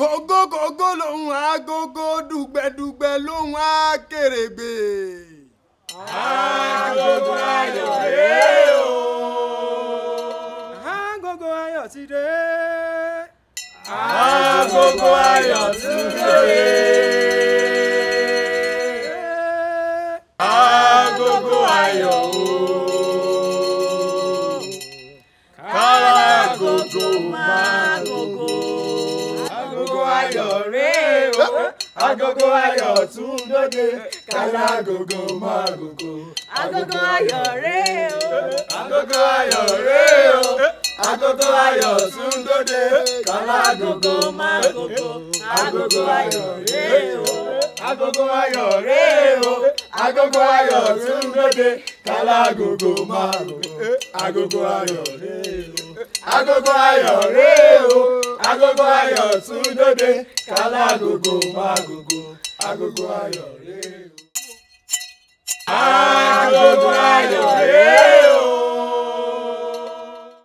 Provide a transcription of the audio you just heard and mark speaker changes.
Speaker 1: kògó kògó lòun àgógó dùgbẹ̀dùgbẹ̀ lòun àkèrègbè. àgógó ayọ̀ dé o. àgógó ayọ̀ ti dé.
Speaker 2: àgógó ayọ̀.
Speaker 1: agogo ayọ̀ tún dóde kálá agogo mọ́ agogo.
Speaker 2: agogo ayọ̀
Speaker 1: rè o. agogo ayọ̀ rè o. agogo ayọ̀ tún dóde kálá agogo mọ́ agogo. agogo ayọ̀ rè o. agogo ayọ̀ rè o. agogo ayọ̀ tún dóde kálá agogo mọ́ agogo. agogo ayọ̀ rè o. agogo ayọ̀ rè o agogo ayọ̀ tún dòde kálágogo mágogo agogo ayọ̀ rèé o.